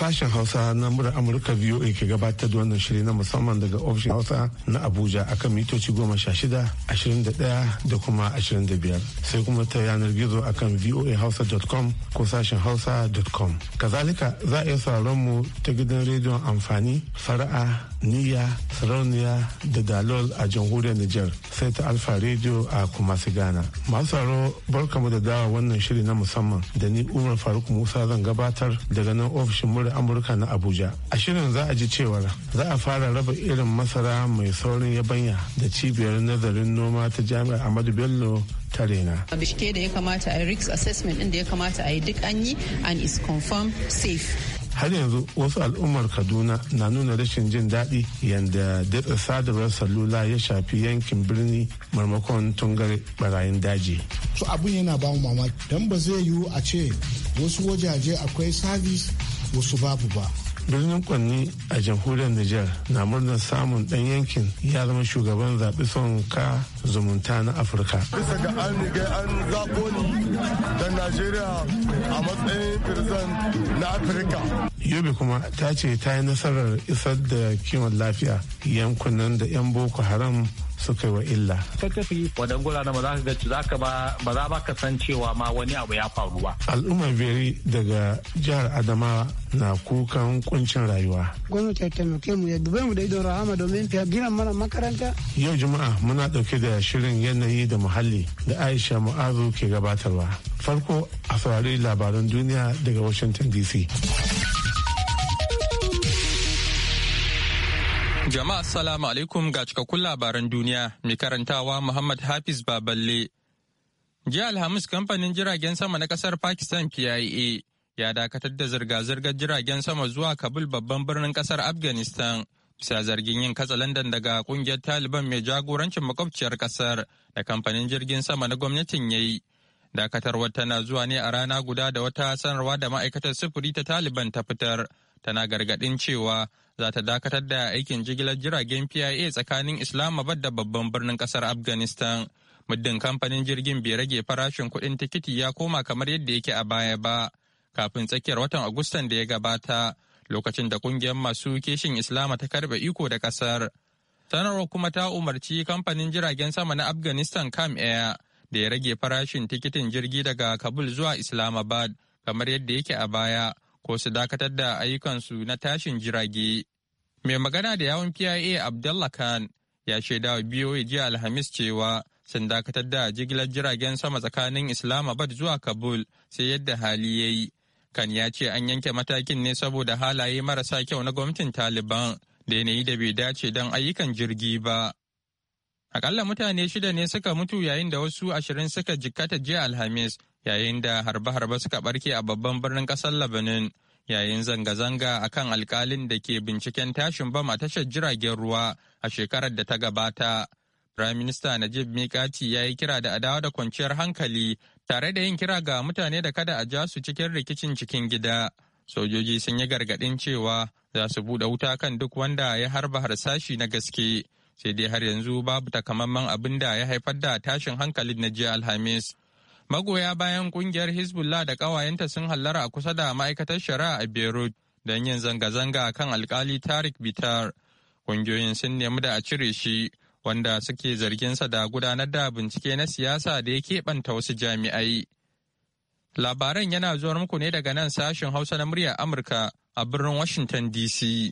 sashen hausa na murar amurka voa ke gabatar da wannan shiri na musamman daga ofishin hausa na abuja akan mitoci goma sha shida ashirin da daya da kuma ashirin da biyar sai kuma ta yanar gizo a kan akan voahausa.com ko sashen hausa hausa.com kazalika za a iya sauraron mu ta gidan rediyon amfani fara'a niyya sarauniya da dalol a jamhuriyar niger sai ta alfa rediyo a kumasi ghana masu barka barkamu da dawa wannan shiri na musamman da ni umar faruk musa zan gabatar daga nan ofishin mura. muryar amurka na abuja a shirin za a ji cewar za a fara raba irin masara mai saurin yabanya da cibiyar nazarin noma ta jami'ar Amadu bello ta rena bishke da ya kamata a risk assessment din da ya kamata a yi duk an yi and is confirmed safe har yanzu wasu al'ummar kaduna na nuna rashin jin daɗi yadda daɗa sadarwar salula ya shafi yankin birni marmakon tungare barayin daji to abin yana ba mu mamaki don ba zai yiwu a ce wasu wajaje akwai sabis wasu babu ba birnin kwanni a jamhuriyar Nijar na murnar samun dan yankin ya zama shugaban zaɓi son ka zumunta na Afirka. Bisa ga an riga an zaɓo ni da Najeriya a matsayin firzan na Afirka. Yobe kuma ta ce ta yi nasarar isar da kiwon lafiya yankunan da 'yan Boko Haram suka yi wa illa. Ka tafi wadan guraren ba za ka za ka ba za ka san cewa ma wani abu ya faru ba. Al'ummar Beri daga jihar adama na kukan kuncin rayuwa. Gwamnati ta taimake mu ya dube mu da idon rahama domin ta gina mana makaranta. Yau Juma'a muna ɗauke da shirin yanayi da muhalli da Aisha Mu'azu ke gabatarwa. Farko a saurari labaran duniya daga Washington DC. Jama'a salamu alaikum ga cikakkun labaran duniya mai karantawa Muhammad Hafiz Baballe. Jiya Alhamis kamfanin jiragen sama na kasar Pakistan PIA ya dakatar da zirga-zirgar jiragen sama zuwa Kabul babban birnin kasar Afghanistan bisa zargin yin katsalandan daga kungiyar Taliban mai jagorancin makwabciyar kasar da kamfanin jirgin sama na gwamnatin ya yi. Dakatarwar tana zuwa ne a rana guda da wata sanarwa da ma'aikatar sufuri ta Taliban ta fitar. tana gargadin cewa za ta dakatar da aikin jigilar jiragen PIA tsakanin Islamabad da babban birnin kasar Afghanistan. Muddin kamfanin jirgin bai rage farashin kuɗin tikiti ya koma kamar yadda yake a baya ba, kafin tsakiyar watan Agustan da ya gabata, lokacin da ƙungiyar masu keshin Islama ta karɓe iko da ƙasar. Sanarwar kuma ta umarci kamfanin jiragen sama na Afghanistan Kam Air da ya rage farashin tikitin jirgi daga Kabul zuwa Islamabad kamar yadda yake a baya ko su dakatar da ayyukansu na tashin jirage. Mai magana da yawon PIA Abdullah Khan ya shaida wa BOA jiya Alhamis cewa sun dakatar da jigilar jiragen sama tsakanin Islamabad zuwa Kabul sai yadda hali ya yi. Kan ya ce an yanke matakin ne saboda halaye marasa kyau na gwamnatin Taliban da yanayi da bai dace don ayyukan jirgi ba. Akalla mutane shida ne suka mutu yayin da wasu ashirin suka jikkata jiya Alhamis yayin da harbe-harbe suka barke a babban birnin kasar labanin yayin zanga-zanga a kan alkalin da ke binciken tashin bam a tashar jiragen ruwa a shekarar da ta gabata. Prime Minister Najib Mikati ya yi kira da adawa da kwanciyar hankali tare da yin kira ga mutane da kada a ja su cikin rikicin cikin gida. Sojoji sun yi gargaɗin cewa za su buɗe wuta kan duk wanda ya harba harsashi na gaske. Sai dai har yanzu babu takamaiman abin da ya haifar da tashin hankalin na jiya Alhamis. Magoya bayan kungiyar Hezbollah da ƙawayenta sun hallara a kusa da ma'aikatar shari'a a Beirut don yin zanga-zanga kan alkali Tarik Bitar. Kungiyoyin sun nemi da a cire shi wanda suke zarginsa da gudanar da bincike na siyasa da ya keɓanta wasu jami'ai. Labaran yana zuwa muku ne daga nan sashen Hausa na muryar Amurka a birnin Washington DC.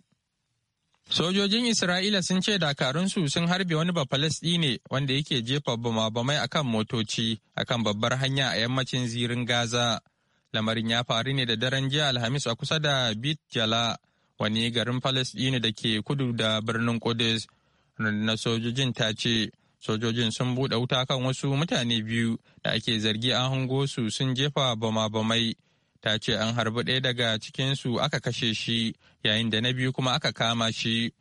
Sojojin Isra'ila sun ce dakarunsu sun harbe wani Bafalastine ne wanda yake jefa bama-bamai akan motoci akan babbar hanya a yammacin zirin Gaza. Lamarin ya faru ne da daren jiya Alhamis a kusa da Bit Jala, wani garin falasɗini da ke kudu da birnin Kudus. na sojojin ta ce sojojin sun buɗe wuta kan wasu mutane biyu da ake zargi an hango su sun jefa bama-bamai ta ce an harbi ɗaya daga cikinsu aka kashe shi yayin da na biyu kuma aka kama shi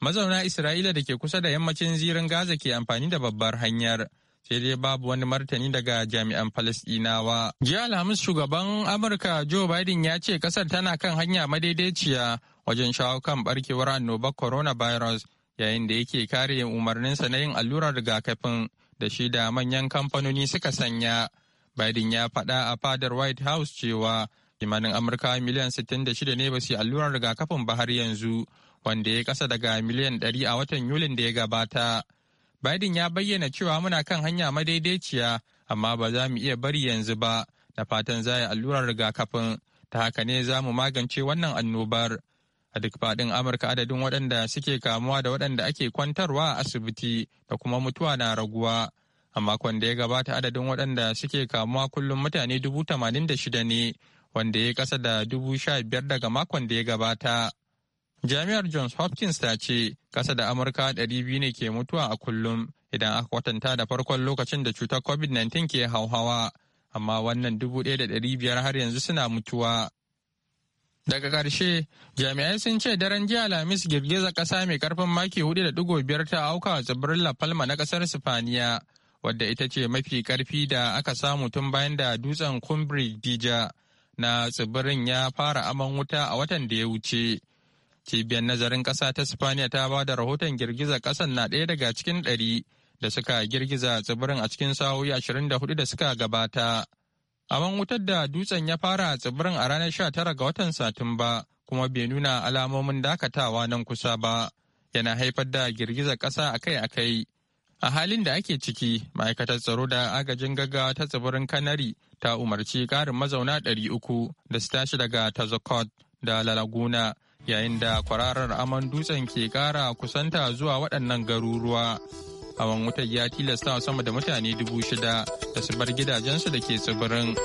mazauna isra'ila da ke kusa da yammacin zirin gaza ke amfani da babbar hanyar sai dai babu wani martani daga jami'an falasɗinawa jiya alhamis shugaban amurka joe biden ya ce ƙasar tana kan hanya madaidaiciya wajen shawo kan barkewar annobar coronavirus yayin da yake kare umarninsa na yin allurar rigakafin da shi da manyan kamfanoni suka sanya Biden ya faɗa a fadar White House cewa kimanin Amurka miliyan 66 ne ba su yi allurar rigakafin ba har yanzu, wanda ya kasa daga miliyan 100 a watan Yulin da ya gabata. Biden ya bayyana cewa muna kan hanya madaidaiciya, amma ba za mu iya bari yanzu ba, da fatan za yi allurar rigakafin, ta haka ne za mu magance wannan annobar. A duk faɗin Amurka adadin waɗanda suke kamuwa da waɗanda ake kwantarwa a asibiti da kuma mutuwa na raguwa. A makon da ya gabata adadin waɗanda suke kamuwa kullum mutane dubu tamanin da shida ne, wanda ya kasa da dubu sha biyar daga makon da ya gabata. Jami'ar Johns Hopkins ta ce ƙasa da Amurka ɗari biyu ne ke mutuwa a kullum idan aka kwatanta da farkon lokacin da cutar COVID-19 ke hauhawa, amma wannan dubu ɗaya da ɗari biyar har yanzu suna mutuwa. Daga ƙarshe, jami'ai sun ce daren jiya Lamis girgiza ƙasa mai ƙarfin maki da ɗigo biyar ta auka a tsibirin La Palma na ƙasar Sifaniya wadda ita ce mafi karfi da aka samu tun bayan da dutsen kumbri dija na tsibirin ya fara aman wuta a watan da ya wuce cibiyar nazarin kasa ta spaniya ta ba da rahoton girgiza kasan na ɗaya daga cikin ɗari da suka girgiza tsibirin a cikin sa'o'i ashirin da hudu da suka gabata aman wutar da dutsen ya fara tsibirin a ranar sha tara ga watan satumba kuma bai nuna alamomin dakatawa nan kusa ba yana haifar da girgizar kasa akai-akai a halin da ake ciki ma'aikatar tsaro da agajin gaggawa ta tsibirin kanari ta umarci karin mazauna ɗari uku da su tashi daga tazakot da lalaguna yayin da kwararar aman dutsen ke kara kusanta zuwa waɗannan garuruwa hawan wutar ya tilasta sama da mutane dubu shida da su bar gidajensu da ke tsibirin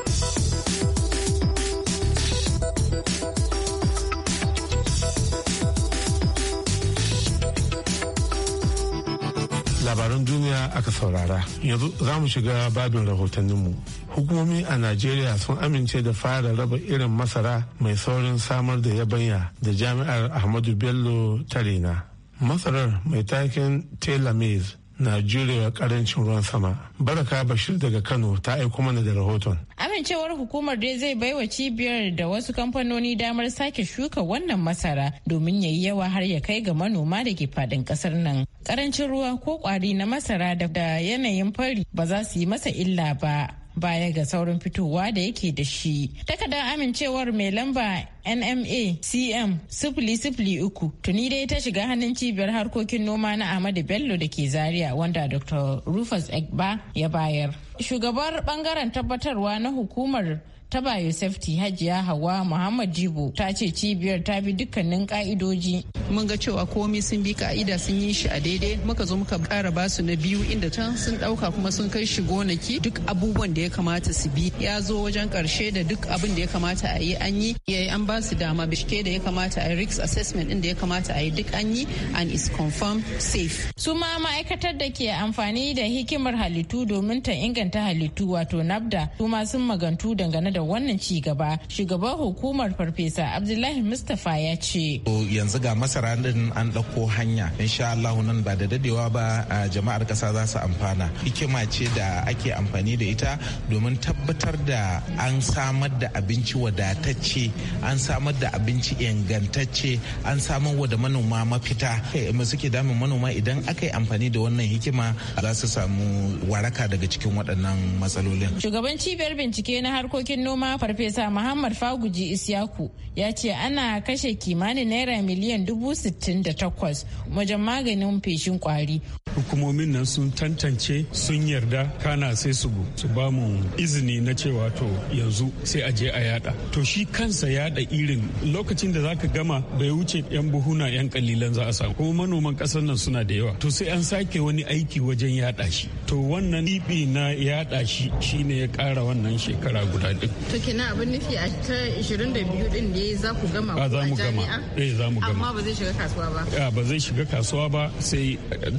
labaran duniya aka saurara yanzu za mu shiga babin rahotanninmu hukumomi a najeriya sun amince da fara raba irin masara mai saurin samar da yabanya da jami'ar ahmadu bello ta rena masarar mai taken telemaze na jurewa karancin ruwan sama. Baraka Bashir daga Kano ta aiko mana da rahoton. Amincewar hukumar dai zai baiwa cibiyar da wasu kamfanoni damar sake shuka wannan masara domin ya yi yawa har ya kai ga manoma da ke fadin kasar nan. Karancin ruwa ko kwari na masara da yanayin fari ba za su yi masa illa ba. baya ga saurin fitowa da yake da shi. takadan amincewar mai lamba NMA CM sifili sifili uku tuni dai ta shiga hannun cibiyar harkokin noma na Ahmadu Bello da ke Zaria wanda Dr. Rufus Egba ya bayar. Shugabar bangaren tabbatarwa na hukumar ta biosafety hajiya hawa muhammad jibo ta ce cibiyar ta bi dukkanin ka'idoji mun ga cewa komai sun bi ka'ida sun yi shi a daidai muka zo muka kara basu na biyu inda can sun dauka kuma sun kai shi gonaki duk abubuwan da ya kamata su bi ya zo wajen karshe da duk abin da ya kamata a yi an yi yayi an ba dama bishke da ya kamata a risk assessment din da ya kamata a yi duk an yi and is confirmed safe su ma ma'aikatar da ke amfani da hikimar halittu domin ta inganta halittu wato nabda su ma sun magantu dangane da da wannan ci gaba shugaban hukumar farfesa abdullahi mustapha ya ce yanzu ga masara din an ɗauko hanya insha Allah nan ba da dadewa ba jama'ar kasa za su amfana hikima ce da ake amfani da ita domin tabbatar da an samar da abinci wadatacce an samar da abinci ingantacce an samar wa da manoma mafita mu suke damun manoma idan aka yi amfani da wannan hikima za su samu waraka daga cikin waɗannan matsalolin shugaban cibiyar bincike na harkokin noma farfesa muhammad faguji isyaku ya ce ana kashe kimanin naira miliyan dubu sittin da takwas wajen maganin feshin kwari hukumomin nan sun tantance sun yarda kana sai su su ba mu izini na cewa to yanzu sai a je a yada to shi kansa yada irin lokacin da zaka gama bai wuce yan buhuna yan kalilan za a samu kuma manoman kasar nan suna da yawa to sai an sake wani aiki wajen yada shi to wannan ibi e na yada shi shine ya kara wannan shekara guda din to kenan abin nufi a ta 22 din ne za ku gama a za mu gama eh za mu gama amma ba zai shiga kasuwa ba ah, ba zai shiga kasuwa ba sai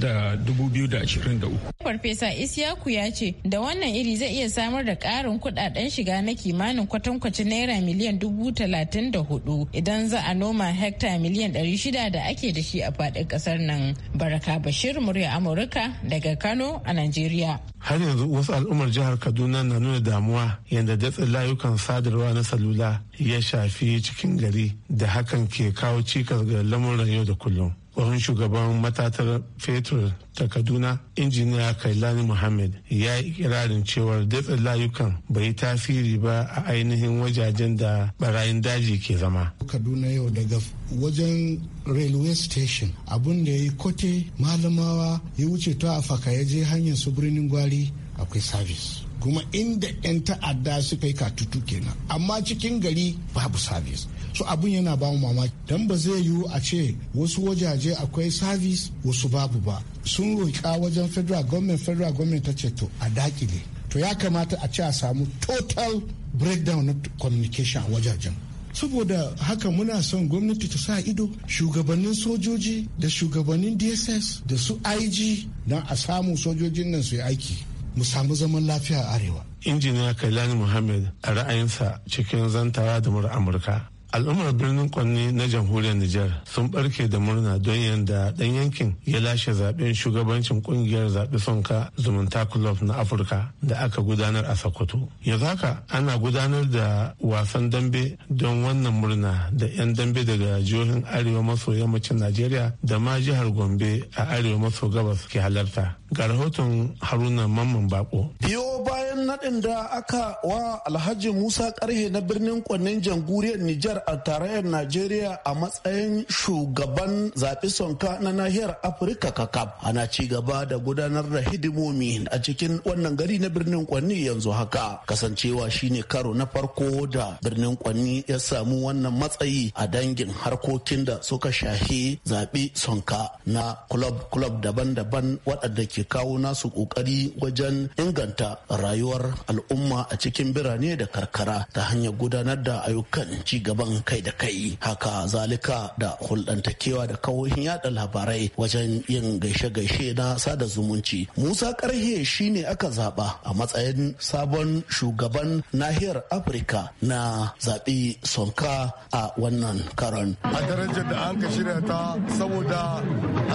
da 2023. Farfesa Isiyaku ya ce da wannan iri zai iya samar da ƙarin kuɗaɗen shiga na kimanin kwatankwacin naira miliyan dubu da hudu idan za a noma hekta miliyan ɗari shida da ake da shi a faɗin ƙasar nan. Baraka Bashir murya Amurka daga Kano a Najeriya. Har yanzu wasu al'ummar jihar Kaduna na nuna damuwa yadda datsin layukan sadarwa na salula ya shafi cikin gari da hakan ke kawo cikas ga lamuran yau da kullum. tsohon shugaban matatar fetur ta kaduna injiniya kailani muhammad ya yi kirarin cewar datsin layukan bai yi tasiri ba a ainihin wajajen da barayin daji ke zama kaduna yau daga wajen railway station abun da ya yi kote malamawa ya wuce ta afaka ya je hanyar su birnin gwari akwai service kuma inda 'yan ta'adda suka yi katutu kenan amma cikin gari babu service so abin yana ba mu mamaki dan ba zai yiwu a ce wasu wajaje akwai service wasu babu ba sun roƙa wajen federal government federal government ta ce to a dakile to ya kamata a ce a samu total breakdown na communication a wajajen saboda haka muna son gwamnati ta sa ido shugabannin sojoji da shugabannin dss da su ig don a samu sojojin nan su yi aiki mu samu zaman lafiya a arewa injiniya kailani muhammed a ra'ayinsa cikin zantawa da mura amurka al'ummar birnin kwanne na jamhuriyar nijar sun barke da murna don yadda ɗan yankin ya lashe zaben shugabancin kungiyar zaɓi sonka zumunta club na afirka da aka gudanar a sokoto yanzu haka ana gudanar da wasan dambe don wannan murna da 'yan dambe daga jihohin arewa maso yammacin najeriya da ma jihar gombe a arewa maso gabas ke halarta ga rahoton haruna mamman bako biyo bayan naɗin da aka wa alhaji musa karhe na birnin kwannin jamhuriyar nijar a tarayyar najeriya a matsayin shugaban zaɓi sonka na nahiyar afirka kakab ana ci gaba da gudanar da hidimomi a cikin wannan gari na birnin kwanni yanzu haka kasancewa shine karo na farko da birnin kwanni ya samu wannan matsayi a dangin harkokin da suka shahi zaɓi sonka na kulob-kulob daban-daban waɗanda ke kawo nasu ƙoƙari wajen inganta rayuwar al'umma a cikin birane da karkara ta hanyar gudanar da ayyukan ci gaban kan kai da kai haka zalika da hulɗantakewa da kawohin yada labarai wajen yin gaishe-gaishe na sada zumunci musa karhe shine aka zaɓa a matsayin sabon shugaban nahiyar afirka na zaɓi sonka a wannan karon a darajar da an ka shirya ta saboda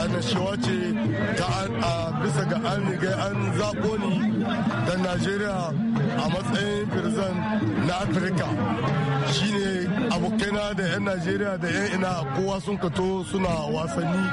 annashuwa ce ta bisa ga an riga an zaɓo ni da najeriya a matsayin firzan na afirka shine abu abokaina da 'yan najeriya da 'yan ina kowa sun kato suna wasanni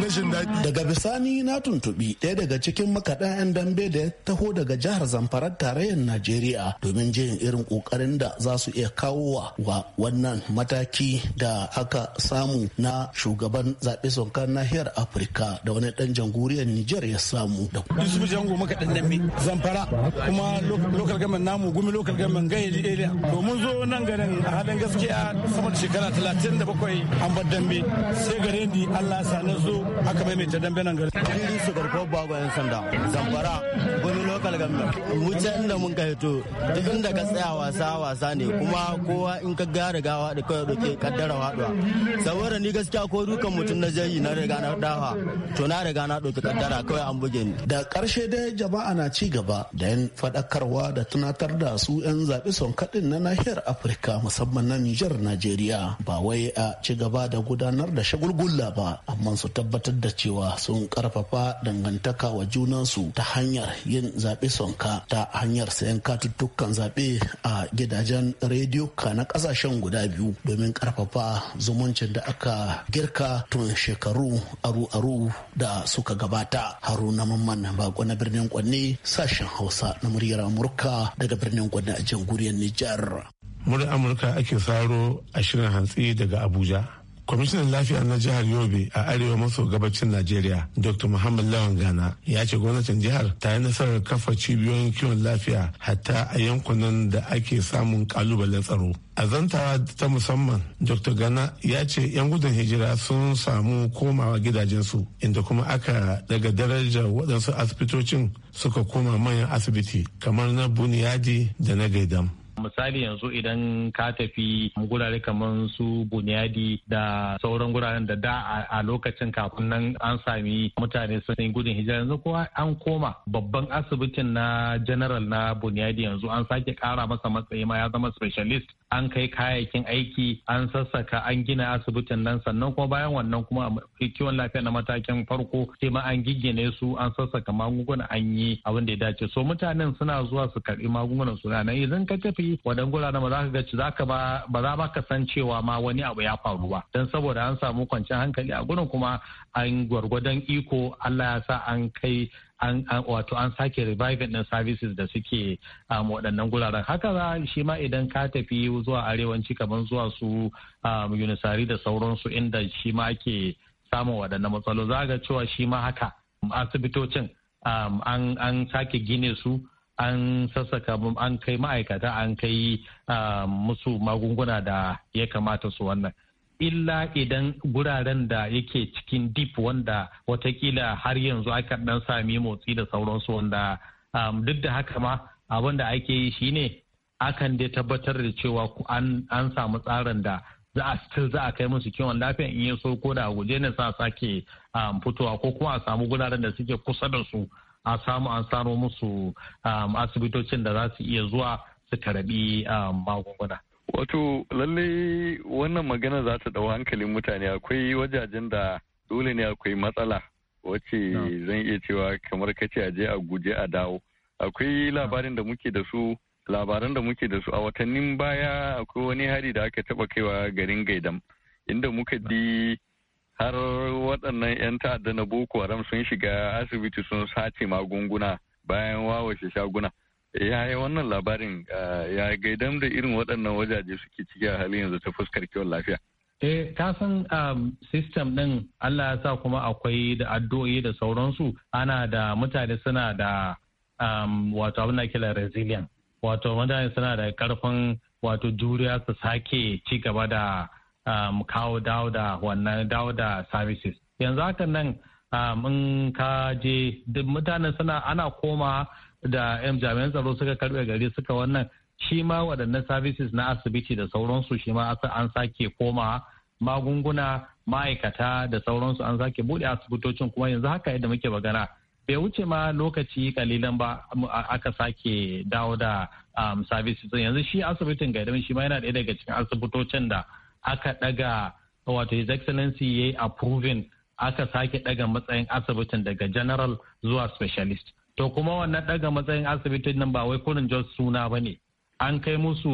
na jin daɗi daga bisani na tuntuɓi ɗaya daga cikin makaɗa 'yan dambe da ya taho daga jihar zamfara tarayyar najeriya domin jin irin ƙoƙarin da za su iya kawo wa wannan mataki da aka samu na shugaban zaɓe sonkar nahiyar afirka da wani ɗan jamhuriyar nijar ya samu da yusuf jango makaɗan dambe zamfara kuma lokal gaman namu gumi lokal gaman gaya area domin zo nan garin a halin gaskiya sama shekara talatin da bakwai an bar dambe sai gare ni allah sa na zo aka mita dambe nan gari fili su garkuwar bago yan sanda zamfara wani lokal gamba wuce inda mun ka hito duk inda ka tsaya wasa wasa ne kuma kowa in ka gara gawa da kawai doke kaddara haɗuwa saboda ni gaskiya ko dukan mutum na jayi na riga na dawa to na riga na doke kaddara kawai an buge ni da karshe dai jama'a na ci gaba da yan faɗakarwa da tunatar da su 'yan zaɓi son kaɗin na nahiyar afirka musamman na nijar na najeriya ba wai a ci gaba da gudanar da shagulgulla ba amma su tabbatar da cewa sun karfafa dangantaka wa junansu ta hanyar yin zaɓe sonka ta hanyar sayan katuttukan zaɓe a gidajen rediyo na ƙasashen guda biyu domin karfafa zumuncin da aka girka tun shekaru aru-aru da suka gabata haruna mamman bako na birnin kwanne sashen hausa na muryar amurka daga birnin kwanne a jamhuriyar nijar murin amurka ake saro a shirin hantsi daga abuja kwamishinan lafiya na jihar yobe a arewa maso gabacin najeriya dr muhammad lawan gana ya ce gwamnatin jihar ta yi nasarar kafa cibiyoyin kiwon lafiya hatta a yankunan da ake samun kalubalen tsaro a zantawa ta musamman dr gana ya ce 'yan gudun hijira sun samu komawa gidajensu inda kuma aka daga darajar waɗansu asibitocin suka koma manyan asibiti kamar na buniyadi da na gaidam misali yanzu idan ka tafi gurare kamar su bunyadi da sauran guraren da da a lokacin kafin nan an sami mutane sun gudun hijira yanzu kuma an koma babban asibitin na general na bunyadi yanzu an sake kara masa matsayi ma ya zama specialist an kai kayayyakin aiki an sassaka an gina asibitin nan sannan kuma bayan wannan kuma kiwon lafiya na matakin farko sai ma an giggine su an sassaka magunguna an yi abin da ya dace so mutanen suna zuwa su karbi magungunan su nan idan ka tafi wadan guraren ba za ka ga za ka ba ba za ba ka san cewa ma wani abu ya faru ba dan saboda an samu kwanciyar hankali a gurin kuma an gwargwadon iko Allah ya sa an kai wato an sake reviving din services da suke a um, waɗannan guraren haka za shi ma idan ka tafi zuwa arewanci kamar zuwa su um, yunisari da sauransu inda shi ma ake samun waɗannan matsaloli za ga cewa shi ma haka asibitocin um, an sake gine su an sassaka an kai ma'aikata an kai musu magunguna da ya kamata su wannan illa idan guraren da yake cikin deep wanda watakila har yanzu aka dan sami motsi da sauransu wanda um, duk da haka ma abin da ake yi shine akan dai tabbatar da cewa an samu tsarin da za a still za a kai musu kiwon lafiya in ya so da guje ne sa sake um, fitowa ko kuma a samu guraren da suke kusa da su a samu an samu musu um, asibitocin da za su iya zuwa su karabi magunguna. Wato lallai wannan magana za ta dau hankalin mutane akwai wajajen da dole ne akwai matsala wacce zan iya cewa kamar kace a je a guje a dawo. Akwai labarin da muke da su labaran da muke da su a watannin baya akwai wani hari da aka taba kaiwa garin Gaidam inda muka di har waɗannan 'yan ta'adda na Boko Haram sun shiga asibiti sun sace magunguna bayan wawashe shaguna. yaya wannan labarin ya gaidam da irin waɗannan wajaje suke ciki a halin yanzu ta fuskar kiwon lafiya Eh, kasan san um, system ɗin Allah ya sa kuma akwai da addu'o'i da sauransu ana da mutane suna da um, wato abin da kila resilient wato mutane suna da karfin wato juriya su sake ci gaba da um, kawo dawo da wannan dawo da services yanzu hakan nan in ka je duk mutane suna ana koma da yan jami'an tsaro suka karbe gari suka wannan shi ma waɗannan services na asibiti da sauransu shi ma an sake koma magunguna ma'aikata da sauransu an sake buɗe asibitocin kuma yanzu haka yadda muke magana bai wuce ma lokaci kalilan ba aka sake dawo da um, services yanzu shi asibitin gaidamin shi ma yana ɗaya daga cikin asibitocin da aka ɗaga wato his excellency ya yi approving aka sake ɗaga matsayin asibitin daga general zuwa specialist to kuma wannan daga matsayin asibitin nan ba wai kurin jos suna ba ne an kai musu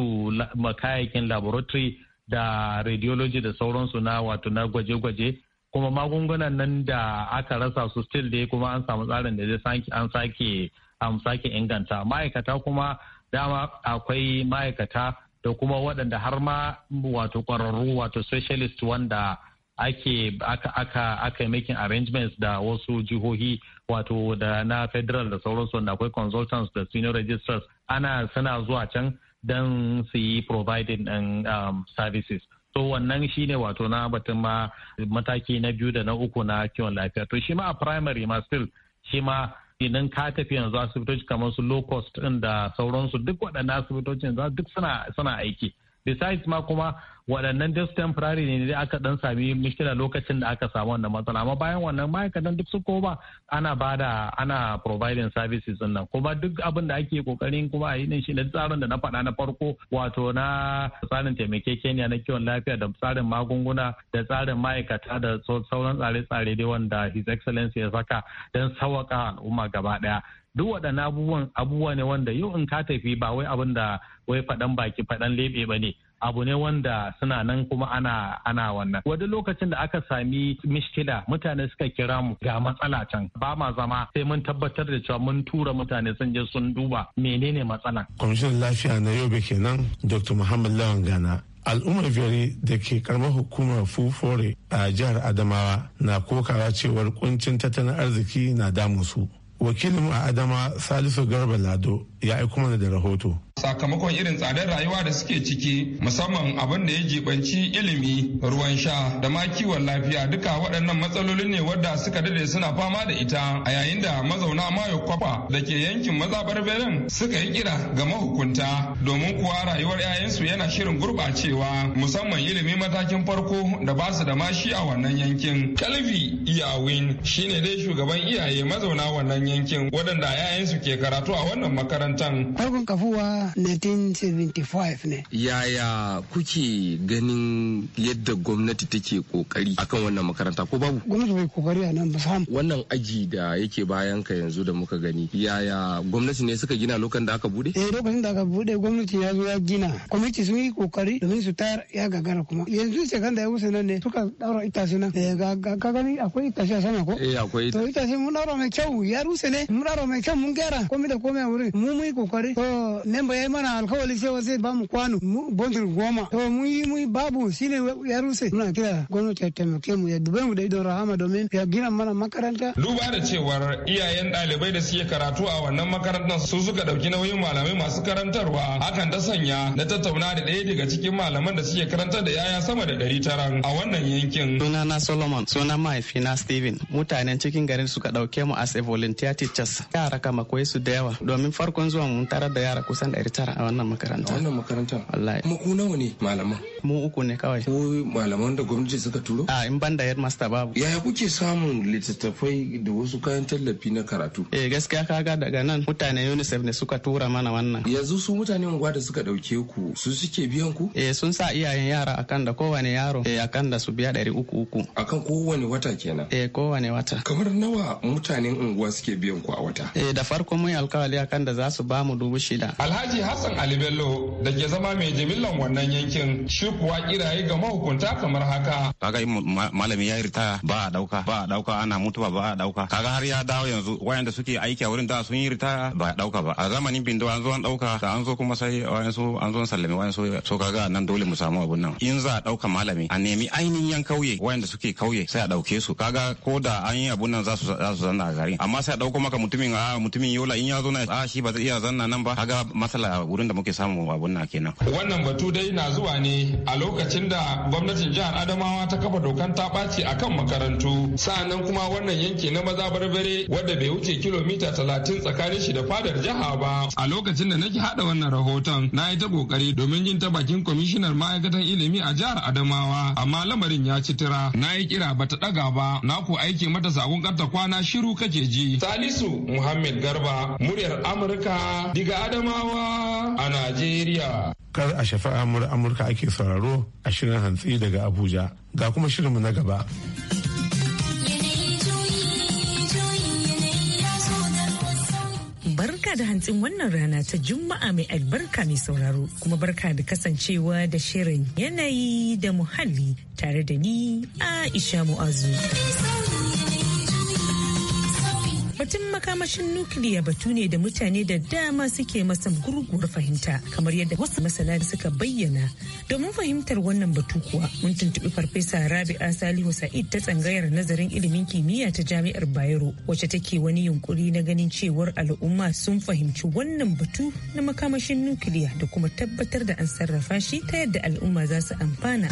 makayakin laboratory da radiology da sauransu na wato na gwaje-gwaje kuma magungunan nan da aka rasa su still dai kuma an samu tsarin da zai an sake an sake inganta ma'aikata kuma dama akwai ma'aikata da kuma waɗanda har ma wato ƙwararru wato specialist wanda ake aka aka aka making arrangements da wasu jihohi wato da na federal da sauransu da akwai consultants da senior registrars ana sana zuwa can don su yi providing ɗin um, services to wannan shine wato na batun ma mataki na biyu da na uku na kiwon lafiya to shi ma a primary ma still shi ma idan ka tafi yanzu asibitoci kamar su low cost din da sauransu duk waɗannan asibitocin za duk suna aiki besides ma kuma waɗannan just temporary ne dai aka dan sami mishkila lokacin da aka samu wannan matsala amma bayan wannan ma'aikatan duk su koma ana bada ana providing services nan kuma duk abin da ake kokarin kuma a yi shi da tsarin da na faɗa na farko wato na tsarin taimakekeniya na kiwon lafiya da tsarin magunguna da tsarin ma'aikata da sauran tsare-tsare dai wanda his excellency ya saka don sawaka al'umma gaba ɗaya duk waɗannan abubuwan abubuwa ne wanda yau in ka tafi ba wai abin da wai faɗan baki faɗan leɓe ba ne abu ne wanda suna nan kuma ana ana wannan wani lokacin da aka sami mishkila mutane suka kira mu ga matsala can ba ma zama sai mun tabbatar da cewa mun tura mutane sun je sun duba menene matsalan kwamishinan lafiya na yobe kenan dr muhammad lawan gana al'ummar biyari da ke karamar hukumar fufore a jihar adamawa na kokawa cewar kuncin tattalin arziki na damu su wakilinmu a adama salisu garba lado ya aiko mana da rahoto. Sakamakon irin tsadar rayuwa da suke ciki musamman abin da ya jibanci ilimi, ruwan sha da ma kiwon lafiya duka waɗannan matsalolin ne wadda suka dade suna fama da ita a yayin da mazauna mayo kwafa da ke yankin mazabar benin suka yi kira ga mahukunta domin kuwa rayuwar 'ya'yansu yana shirin gurɓacewa musamman ilimi matakin farko da ba su da mashi a wannan yankin. Kalvi Iyawin shine dai shugaban iyaye mazauna wannan yankin waɗanda 'ya'yansu ke karatu a wannan makaranta. makarantar. Farkon kafuwa 1975 ne. Yaya kuke ganin yadda gwamnati take kokari akan wannan makaranta ko babu? Gwamnati bai kokari a nan ba sam. Wannan aji da yake bayan ka yanzu da muka gani yaya gwamnati ne suka gina lokacin da aka bude? Eh lokacin da aka bude gwamnati ya zo ya gina. Kwamiti sun yi kokari domin su tayar ya gagara kuma. Yanzu shekan da ya wuce nan ne suka daura itace nan. Eh ga ka gani akwai itace a sama ko? Eh akwai. To itace mun daura mai kyau ya ruse ne mun daura mai kyau mun gyara komai da komai a wurin. Mun mu yi kokari to memba ya yi mana alkawali sai wasu ba mu kwano bontir goma to mu yi mu babu ne ya ruse muna kira gwamnati ya taimake mu ya dubai mu da idon rahama domin ya gina mana makaranta. duba da cewar iyayen ɗalibai da suke karatu a wannan makarantar su suka ɗauki nauyin malamai masu karantarwa hakan ta sanya na tattauna da ɗaya daga cikin malaman da suke karantar da yaya sama da ɗari tara a wannan yankin. sunana solomon suna mahaifina steven mutanen cikin garin suka ɗauke mu as a volunteer teachers yara kama koyi su da yawa domin farkon zuwa mun tarar da yara kusan 900 a wannan makaranta. A wannan makaranta. Wallahi. Kuma ku nawa ne malaman? Mu uku ne kawai. Ko malaman da gwamnati suka turo? A in ban da headmaster babu. Yaya kuke samun littattafai da wasu kayan tallafi na karatu? Eh gaskiya kaga daga nan mutane UNICEF ne suka tura mana wannan. Yanzu su mutane unguwa da suka dauke ku su suke biyan ku? Eh sun sa iyayen yara akan da kowane yaro eh akan da su biya dari uku uku. Akan kowane wata kenan? Eh kowane wata. Kamar nawa mutanen unguwa suke biyan ku a wata? Eh da farko mun yi alkawali akan da za su su ba mu dubu shida. Alhaji Hassan Ali Bello da ke zama mai jimillan wannan yankin shi kuwa kiraye ga mahukunta kamar haka. Kaga in malami ya yi ba a dauka ba a dauka ana mutuwa ba a dauka. Kaga har ya dawo yanzu wayanda suke aiki a wurin da sun yi rita ba a dauka ba. A zamanin bindo an zo an dauka da an zo kuma sai su an zo sallame su so kaga nan dole mu samu abun nan. In za a dauka malami a nemi ainihin yan kauye wayanda suke kauye sai a dauke su. Kaga ko da an yi abun nan za su zanna a gari. amma sai a dauko maka mutumin a ah, mutumin yola in ya zo na a ah, shi ba zai ya zanna nan ba kaga matsala wurin da muke samu abun na kenan wannan batu dai na zuwa ne a lokacin da gwamnatin jihar Adamawa ta kafa dokan ta ɓaci kan makarantu sa'annan kuma wannan yanki na maza barbare wadda bai wuce kilomita talatin tsakanin shi da fadar jiha ba a lokacin da nake hada wannan rahoton na yi ta kokari domin yin ta bakin kwamishinar ma'aikatan ilimi a jihar Adamawa amma lamarin ya ci tira na yi kira bata ɗaga ba na ku aiki mata sakon karta kwana shiru kake ji Salisu Muhammad Garba muryar Amurka daga diga Adamawa a Najeriya. Kar a shafi Amurka ake sauraro a shirin hantsi daga Abuja ga kuma shirinmu na gaba. barka da hantsin wannan rana ta juma'a mai albarka mai sauraro kuma barka da kasancewa da shirin yanayi da muhalli tare da ni aisha mu'azu. Batun makamashin nukiliya batu ne da mutane da dama suke masa gurguwar fahimta kamar yadda wasu masana suka bayyana. Domin fahimtar wannan batu kuwa mun tuntuɓi Farfesa Rabi'a Salihu Sa'id ta tsangayar nazarin ilimin kimiyya ta Jami'ar Bayero wacce take wani yunkuri na ganin cewar al'umma sun fahimci wannan batu na makamashin nukiliya da kuma tabbatar da an sarrafa shi ta yadda al'umma za su amfana.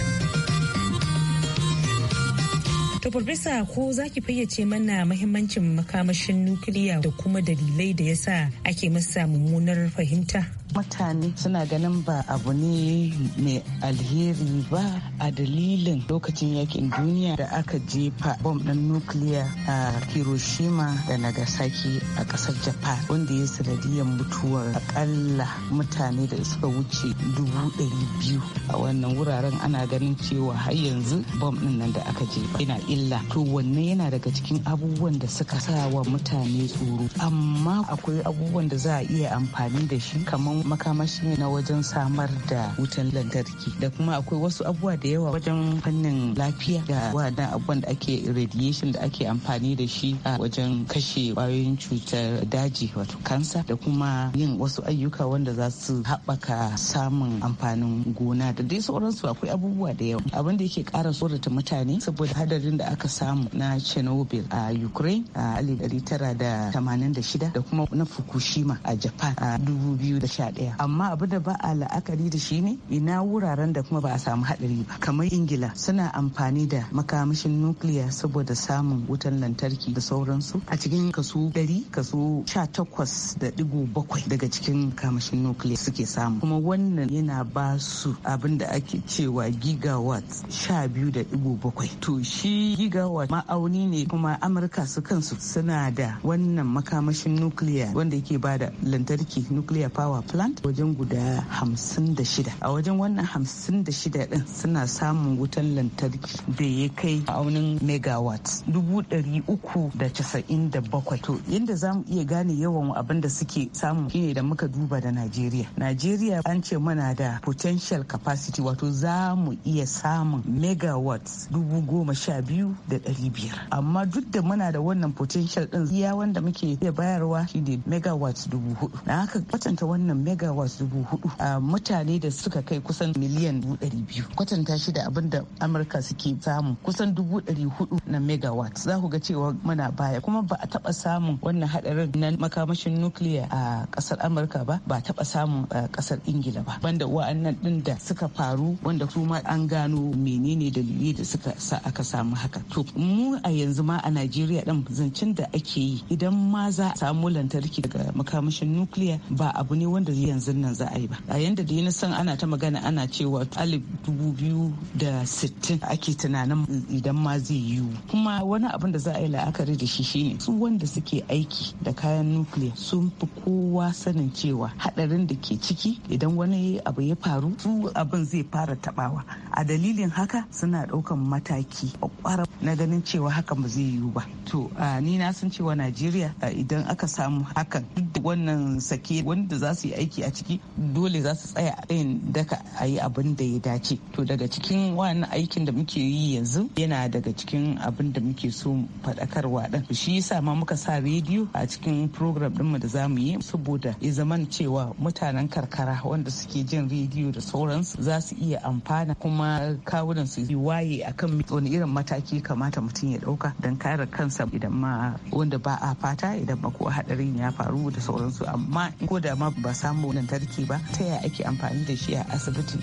To Farfesa ko za ki fayyace mana mahimmancin makamashin nukiliya da kuma dalilai da yasa ake masa mummunar fahimta? mutane suna ganin ba abu ne mai alheri ba a dalilin lokacin yakin duniya da aka jefa bom ɗin nukiliya a hiroshima da nagasaki a ƙasar japan wanda ya sanadiyar mutuwar akalla mutane da suka wuce dubu ɗari biyu a wannan wuraren ana ganin cewa har yanzu bom ɗin nan da aka jefa yana illa to wannan yana daga cikin abubuwan da suka sa wa mutane tsoro amma akwai abubuwan da za a iya amfani da shi kamar makamashi ne na wajen samar da wutan lantarki da kuma akwai wasu abubuwa da yawa wajen fannin lafiya da wadannan abubuwan da ake radiation da ake amfani da shi a wajen kashe kwayoyin cutar daji wato kansa da kuma yin wasu ayyuka wanda za su haɓaka samun amfanin gona da dai sauransu akwai abubuwa da yawa abin da yake ƙara tsorata mutane saboda hadarin da aka samu na chernobyl a ukraine a 1986 da kuma na fukushima a japan a 2011 ɗaya amma abu da ba a la'akari da shi ne ina wuraren da kuma ba a samu haɗari ba kamar ingila suna amfani da makamashin nukiliya saboda samun wutan lantarki da sauransu a cikin kaso ɗari kaso sha takwas da digo bakwai daga cikin makamashin nukiliya suke samu kuma wannan yana ba su abin da ake cewa gigawatt sha biyu da digo bakwai to shi gigawatt ma'auni ne kuma amurka su kansu suna da wannan makamashin nukiliya wanda yake ba da lantarki nukiliya power Scotland wajen guda hamsin da shida a wajen wannan hamsin da shida din suna samun wutan lantarki da ya kai aunin megawatt dubu ɗari uku da casa'in da bakwai to yadda za mu iya gane yawan abin da suke samu shine da muka duba da najeriya najeriya an ce mana da potential capacity wato za mu iya samun megawatt dubu goma sha biyu da ɗari biyar amma duk da muna da wannan potential din iya wanda muke iya bayarwa shi ne megawatt dubu hudu na haka kwatanta wannan megawatt dubu hudu a mutane da suka kai kusan miliyan dubu ɗari biyu kwatanta shi da abin da amurka suke samu kusan dubu ɗari hudu na megawatt za ku ga cewa muna baya kuma ba a taba samun wannan hadarin. na makamashin nukiliya a kasar amurka ba ba a taɓa samun a eh, ƙasar ingila ba banda wa'annan din da suka faru wanda kuma an gano menene dalili da suka sa aka samu haka to mu a yanzu ma a najeriya ɗin zancen da ake yi idan ma za a samu lantarki daga makamashin nukiliya ba abu ne wanda yi yanzu nan za a yi ba a yanda da yi san ana ta magana ana cewa alif dubu biyu da sittin ake tunanin idan ma zai yiwu kuma wani abin da za a yi la'akari da shi shine su wanda suke aiki da kayan nukiliya sun fi kowa sanin cewa hadarin da ke ciki idan wani abu ya faru su abin zai fara tabawa a dalilin haka suna daukan mataki kwakwara na ganin cewa haka ba zai yiwu ba to ni na san cewa najeriya idan aka samu hakan duk da wannan sake wanda za su yi aiki a ciki dole za su tsaya a ɗayan daka a yi abin da ya dace to daga cikin wannan aikin da muke yi yanzu yana daga cikin abin da muke so faɗakarwa ɗin shi yasa ma muka sa rediyo a cikin program ɗinmu da zamu yi saboda ya zama cewa mutanen karkara wanda suke jin rediyo da sauransu za su iya amfana kuma kawunan su waye akan wani irin mataki kamata mutum ya ɗauka don kare kansa idan ma wanda ba a fata idan ba ko hadarin ya faru da sauransu amma ko da ma ba samu samu tarki ba ta yaya ake amfani da shi a asibiti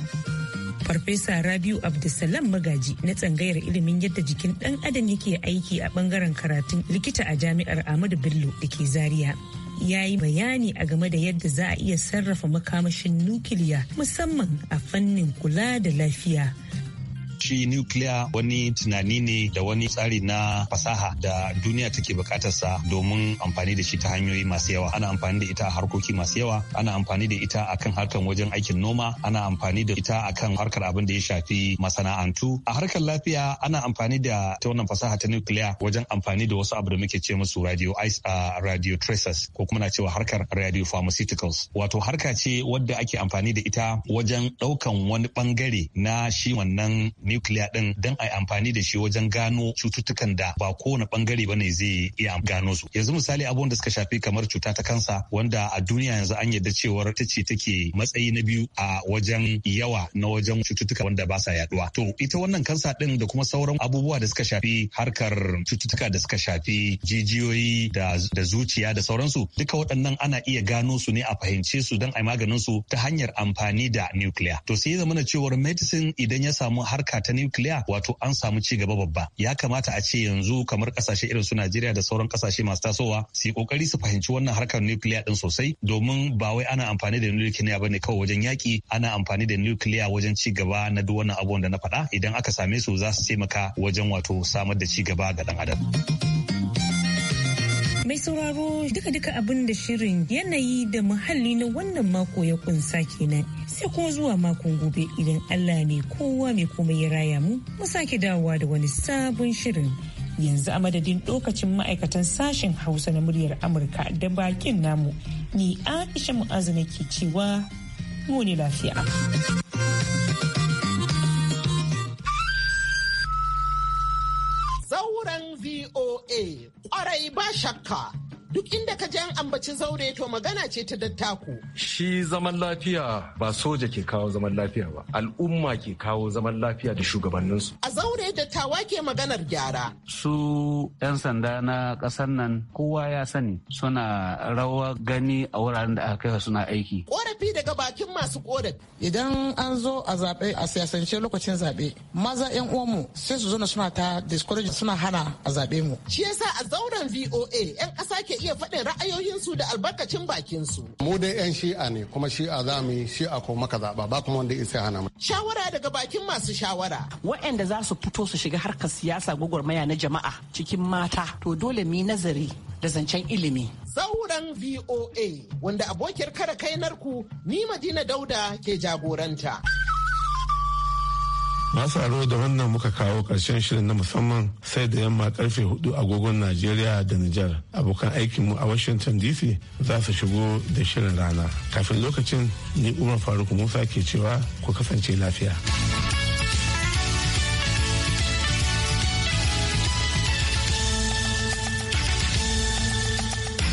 Farfesa Rabiu Abdulsalam Magaji na tsangayar ilimin yadda jikin ɗan adam yake aiki a ɓangaren karatun likita a jami'ar Ahmadu Bello da ke Zaria. ya yi bayani a game da yadda za a iya sarrafa makamashin nukiliya musamman a fannin kula da lafiya shi nukiliya wani tunani ne da wani tsari na fasaha da duniya take bukatarsa domin amfani da shi ta hanyoyi masu yawa ana amfani da ita a harkoki masu yawa ana amfani da ita akan harkar wajen aikin noma ana amfani da ita akan harkar abin da ya shafi masana'antu a harkar lafiya ana amfani da ta wannan fasaha ta nukiliya wajen amfani da wasu abu da muke ce musu radio ice a radio tracers ko kuma na cewa harkar radio pharmaceuticals wato harka ce wadda ake amfani da ita wajen daukan wani bangare na shi wannan nukiliya din don a amfani da shi wajen gano cututtukan da ba kowane bangare ba ne zai iya gano su yanzu misali abubuwan da suka shafi kamar cuta ta kansa wanda a duniya yanzu an yadda cewar ta ce take matsayi na biyu a wajen yawa na wajen cututtuka wanda ba sa yaduwa to ita wannan kansa din da kuma sauran abubuwa da suka shafi harkar cututtuka da suka shafi jijiyoyi da zuciya da sauransu duka waɗannan ana iya gano su ne a fahimce su don a maganin su ta hanyar amfani da nukiliya to sai ya cewar medicine idan ya samu harkar harka ta nukiliya wato an samu ci gaba babba ya kamata a ce yanzu kamar kasashe irin su Najeriya da sauran kasashe masu tasowa su yi kokari su fahimci wannan harkar nukiliya din sosai domin ba wai ana amfani da nukiliya bane kawai wajen yaki ana amfani da nukiliya wajen ci gaba na duk wannan abubuwan da na faɗa idan aka same su za su taimaka wajen wato samar da ci gaba ga dan adam. Mai sauraro duka-duka abin da shirin yanayi da muhalli na wannan mako ya kunsa kenan. Sai kuma zuwa makon gobe idan Allah ne kowa mai komai ya raya mu, mu sake dawowa da wani sabon shirin. Yanzu a madadin lokacin ma'aikatan sashen Hausa na muryar Amurka da bakin namu, ni Aisha Mu'azu ke cewa mu ne lafiya. VOA. Ƙwarai ba shakka. duk inda ka je an ambaci zaure to magana ce ta dattako. Shi zaman lafiya ba soja ke kawo zaman lafiya ba, al'umma ke kawo zaman lafiya da shugabanninsu. A zaure dattawa ke maganar gyara. Su 'yan sanda na ƙasar nan kowa ya sani suna rawa gani a wuraren da aka kai suna aiki. Ƙorafi daga bakin ODEC idan an zo a zaɓe a siyasance lokacin zaɓe maza yan uwanmu sai su zana suna ta discourage suna hana a zaɓe mu shi yasa a zauren VOA yan ƙasa ke iya faɗin ra'ayoyinsu da albarkacin bakinsu mu dai yan shi'a ne kuma shi'a za mu yi shi'a ko maka zaɓa ba kuma wanda isa hana mu shawara daga bakin masu shawara waɗanda za su fito su shiga harkar siyasa gwagwarmaya na jama'a cikin mata to dole mu yi nazari da zancen ilimi. Sauran VOA wanda abokiyar kare kainarku ni Madina Dauda ke jagoranta. masu aro da wannan muka kawo ƙarshen shirin na musamman sai da yamma karfe hudu agogon najeriya da nijar abokan aikinmu a washington dc za su shigo da shirin rana kafin lokacin ni umar faruk musa ke cewa ku kasance lafiya.